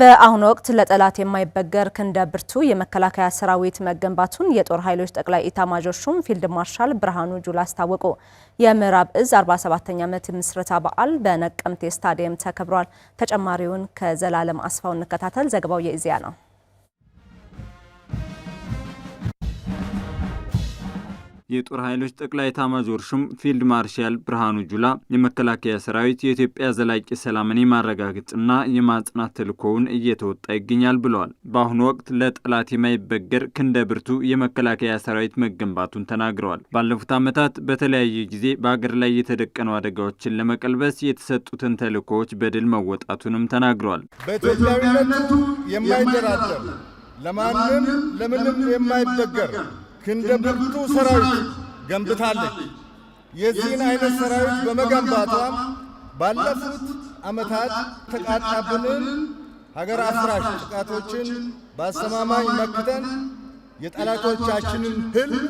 በአሁኑ ወቅት ለጠላት የማይበገር ክንደ ብርቱ የመከላከያ ሰራዊት መገንባቱን የጦር ኃይሎች ጠቅላይ ኢታማዦር ሹም ፊልድ ማርሻል ብርሃኑ ጁላ አስታወቁ። የምዕራብ እዝ 47ኛ ዓመት ምስረታ በዓል በነቀምቴ ስታዲየም ተከብሯል። ተጨማሪውን ከዘላለም አስፋው እንከታተል። ዘገባው የኢዜአ ነው። የጦር ኃይሎች ጠቅላይ ታማዦር ሹም ፊልድ ማርሻል ብርሃኑ ጁላ የመከላከያ ሰራዊት የኢትዮጵያ ዘላቂ ሰላምን የማረጋገጥና የማጽናት ተልእኮውን እየተወጣ ይገኛል ብለዋል። በአሁኑ ወቅት ለጠላት የማይበገር ክንደ ብርቱ የመከላከያ ሰራዊት መገንባቱን ተናግረዋል። ባለፉት ዓመታት በተለያየ ጊዜ በአገር ላይ የተደቀኑ አደጋዎችን ለመቀልበስ የተሰጡትን ተልእኮዎች በድል መወጣቱንም ተናግረዋል። በኢትዮጵያዊነቱ የማይደራደር ለማንም ለምንም የማይበገር ክንደ ብርቱ ሰራዊት ገንብታለች። የዚህን አይነት ሰራዊት በመገንባቷ ባለፉት ዓመታት ተቃጣብንን ሀገር አፍራሽ ጥቃቶችን በአስተማማኝ መክተን የጠላቶቻችንን ህልም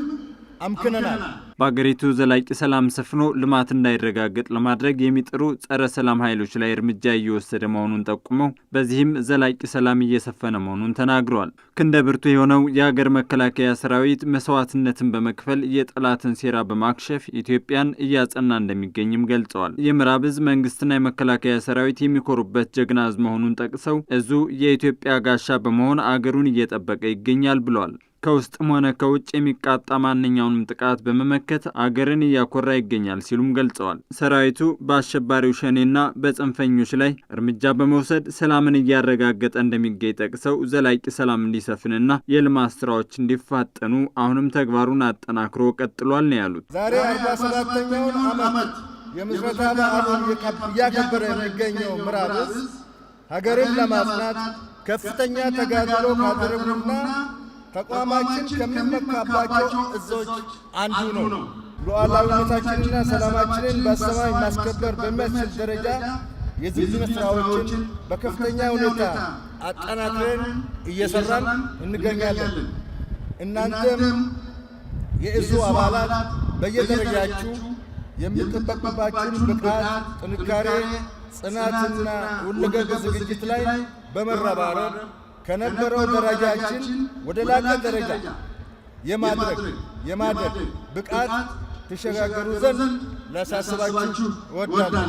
አምክነናል። በአገሪቱ ዘላቂ ሰላም ሰፍኖ ልማት እንዳይረጋገጥ ለማድረግ የሚጥሩ ጸረ ሰላም ኃይሎች ላይ እርምጃ እየወሰደ መሆኑን ጠቁመው በዚህም ዘላቂ ሰላም እየሰፈነ መሆኑን ተናግረዋል። ክንደ ብርቱ የሆነው የአገር መከላከያ ሰራዊት መስዋዕትነትን በመክፈል የጠላትን ሴራ በማክሸፍ ኢትዮጵያን እያጸና እንደሚገኝም ገልጸዋል። የምዕራብ እዝ መንግስትና የመከላከያ ሰራዊት የሚኮሩበት ጀግና እዝ መሆኑን ጠቅሰው እዙ የኢትዮጵያ ጋሻ በመሆን አገሩን እየጠበቀ ይገኛል ብለዋል። ከውስጥም ሆነ ከውጭ የሚቃጣ ማንኛውንም ጥቃት በመመከት አገርን እያኮራ ይገኛል ሲሉም ገልጸዋል። ሰራዊቱ በአሸባሪው ሸኔና በጽንፈኞች ላይ እርምጃ በመውሰድ ሰላምን እያረጋገጠ እንደሚገኝ ጠቅሰው ዘላቂ ሰላም እንዲሰፍንና የልማት ስራዎች እንዲፋጠኑ አሁንም ተግባሩን አጠናክሮ ቀጥሏል ነው ያሉት። ዛሬ አርባ ሰባተኛውን ዓመት የምስረታ በዓሉን እያከበረ የሚገኘው ምዕራብ እዝ ሀገርን ለማጽናት ከፍተኛ ተጋድሎ ካደረጉና ተቋማችን ከሚመካባቸው እዞች አንዱ ነው። ሉዓላዊነታችንና ሰላማችንን በሰማይ ማስከበር በሚያስችል ደረጃ የዝግጅት ስራዎችን በከፍተኛ ሁኔታ አጠናክረን እየሰራን እንገኛለን። እናንተም የእዙ አባላት በየደረጃችሁ የሚጠበቅባችሁን ብቃት፣ ጥንካሬ፣ ጽናትና ሁለገብ ዝግጅት ላይ በመረባረብ ከነበረው ደረጃችን ወደ ላቀ ደረጃ የማድረግ የማድረግ ብቃት ትሸጋገሩ ዘንድ ላሳስባችሁ እወዳለሁ።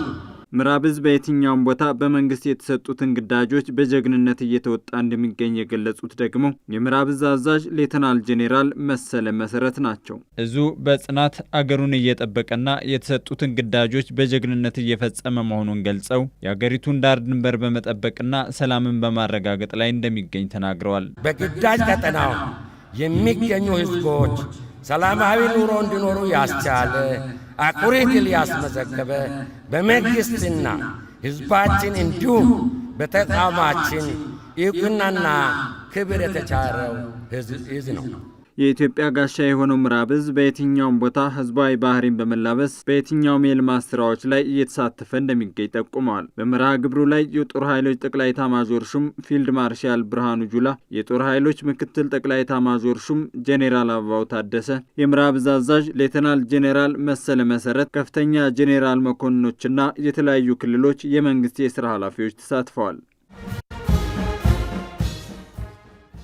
ምዕራብ እዝ በየትኛውም ቦታ በመንግስት የተሰጡትን ግዳጆች በጀግንነት እየተወጣ እንደሚገኝ የገለጹት ደግሞ የምዕራብ እዝ አዛዥ ሌተናል ጄኔራል መሰለ መሰረት ናቸው። እዙ በጽናት አገሩን እየጠበቀና የተሰጡትን ግዳጆች በጀግንነት እየፈጸመ መሆኑን ገልጸው የአገሪቱን ዳር ድንበር በመጠበቅና ሰላምን በማረጋገጥ ላይ እንደሚገኝ ተናግረዋል። በግዳጅ ቀጠናው የሚገኙ ህዝቦች ሰላማዊ ኑሮ እንዲኖሩ ያስቻለ አኩሪት ኤልያስ መዘገበ። በመንግሥትና ሕዝባችን እንዲሁም በተቋማችን ዕውቅናና ክብር የተቻረው ሕዝብ ነው። የኢትዮጵያ ጋሻ የሆነው ምዕራብ እዝ በየትኛውም ቦታ ህዝባዊ ባህሪን በመላበስ በየትኛውም የልማት ስራዎች ላይ እየተሳተፈ እንደሚገኝ ጠቁመዋል። በመርሃ ግብሩ ላይ የጦር ኃይሎች ጠቅላይ ታማዦር ሹም ፊልድ ማርሻል ብርሃኑ ጁላ፣ የጦር ኃይሎች ምክትል ጠቅላይ ታማዦር ሹም ጄኔራል አበባው ታደሰ፣ የምዕራብ እዝ አዛዥ ሌተናል ጄኔራል መሰለ መሰረት፣ ከፍተኛ ጄኔራል መኮንኖችና የተለያዩ ክልሎች የመንግስት የስራ ኃላፊዎች ተሳትፈዋል።